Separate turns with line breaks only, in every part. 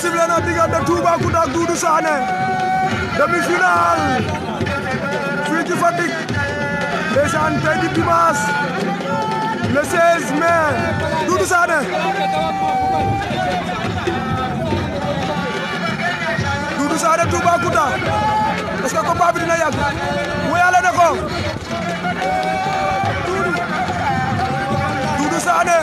sifflé na diggante Toubacouta ak Doudou Sané demi-finale fii ci tey di dimanche le 16 mai Doudou Sané Doudou Sané Toubacouta est-ce que combat bi dina yàgg ko Doudou Sané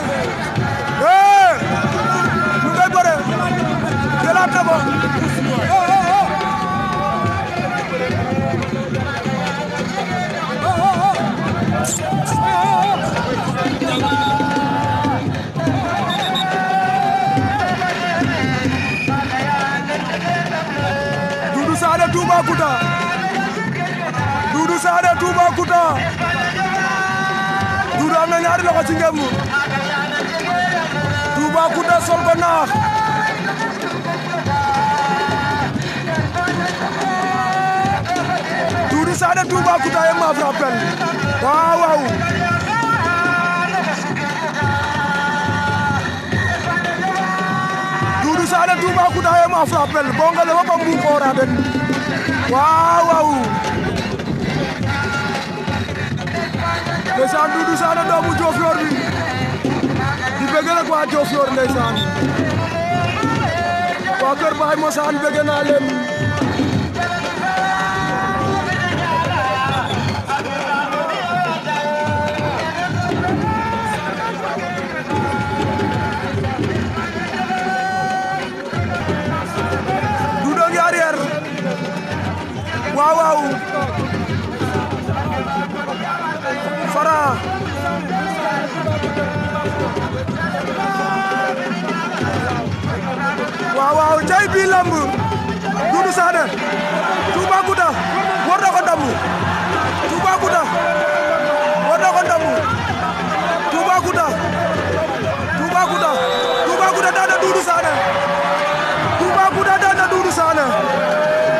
Sané Toubacouta Doudou Sané am na ñaari loxo ci ngemb Toubacouta sol ko naax Doudou Sané Toubacouta yem ma frappel waaw waaw Toubacouta ye ma Frappel bongole fof o mbukora den waaw waaw ndeysaan Doudou Sané doomu Diofior bi di bëgg rek waa Diofior ndeysaan waa kër Baye Mosaan bëgg naa leen Wow wow, Fara Wow wow, jai bi lamb Doudou Sané kuda war na ko kuda Toubacouta war na kuda ndàmbu kuda Toubacouta Toubacouta daan